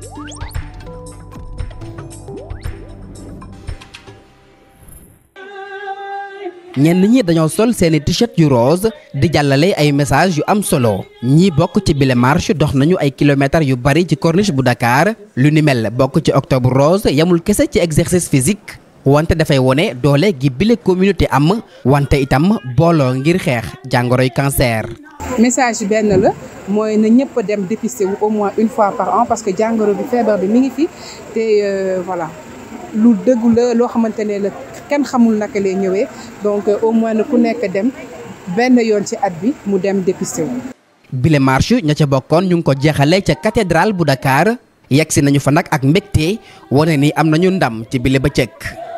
ñenn ñi dañoo sol seeni t-shirt yu rose di jàllale ay message yu am solo ñii bokk ci bile marche dox nañu ay kilomètres yu bari ci corniche bu Dakar lu ni mel bokk ci octobre rose yamul kese ci exercice physique wante dafay wone doole gi bile communauté am wante itam booloo ngir xeex jàngoroy cancer. message benn la mooy na ñëpp dem dépister wu au moins une fois par an parce que jàngoro bi feebar bi mu ngi fi te euh, voilà lu dëggu la loo xamante ne la kenn xamul naka lay ñëwee donc euh, au moins na ku nekk dem benn yoon ci at bi mu dem dépister wu. bile marche ña ca bokkoon ñu ngi ko jeexale ca cathédrale bu dakaar yegg si nañu fa nag ak mbégte wane ni am nañu ndam ci bile bëccëg.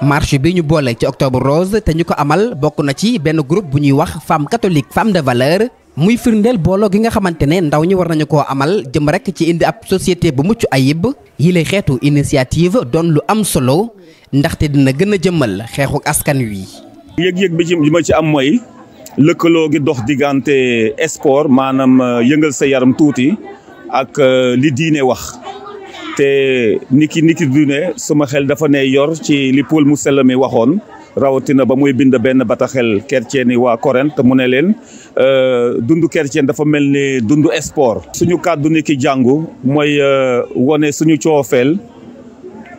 marche bi ñu boole ci octobre rose te ñu ko amal bokk na ci benn groupe bu ñuy wax femme catholique femme de valeur muy firndeel booloo gi nga xamante ne ndaw ñi war nañu ko amal jëm rekk ci indi ab société bu mucc ayib yi lay xeetu initiative doon lu am solo ndaxte dina gën a jëmmal xeexu askan wi. yëg-yëg bi ci li ma ci am mooy lëkkaloo gi dox diggante sport maanaam yëngal sa yaram tuuti. ak euh, li diine wax te niki niki diine suma xel dafa ne yor ci li mu Moussella mi waxoon rawatina ba muy bind benn bataxel chrétien yi waa Corinthe mu ne leen euh, dundu chrétien dafa mel ni dundu sport. suñu kàddu niki jàngu mooy euh, wone suñu coofeel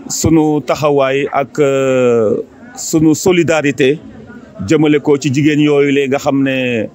sunu taxawaay ak sunu solidarité jëmale ko ci jigéen yooyu léegi nga xam ne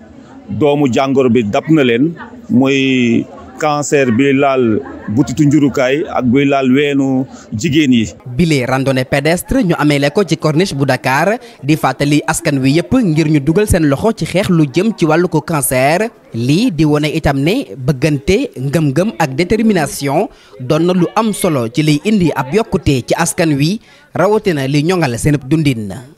doomu jàngoro bi dab na leen muy. cancer bi laal butitu njurukaay ak buy laal weenu jigéen yi. bile randonnée pédestre ñu ameele ko ci corniche bu Dakar di fàttali askan wi yëpp ngir ñu dugal seen loxo ci xeex lu jëm ci wàllu ko cancer lii di wone itam ne bëggante ngëm-ngëm ak détermination doon na lu am solo ci liy indi ab yokkute ci askan wi rawatina li ñoŋal seen dundin.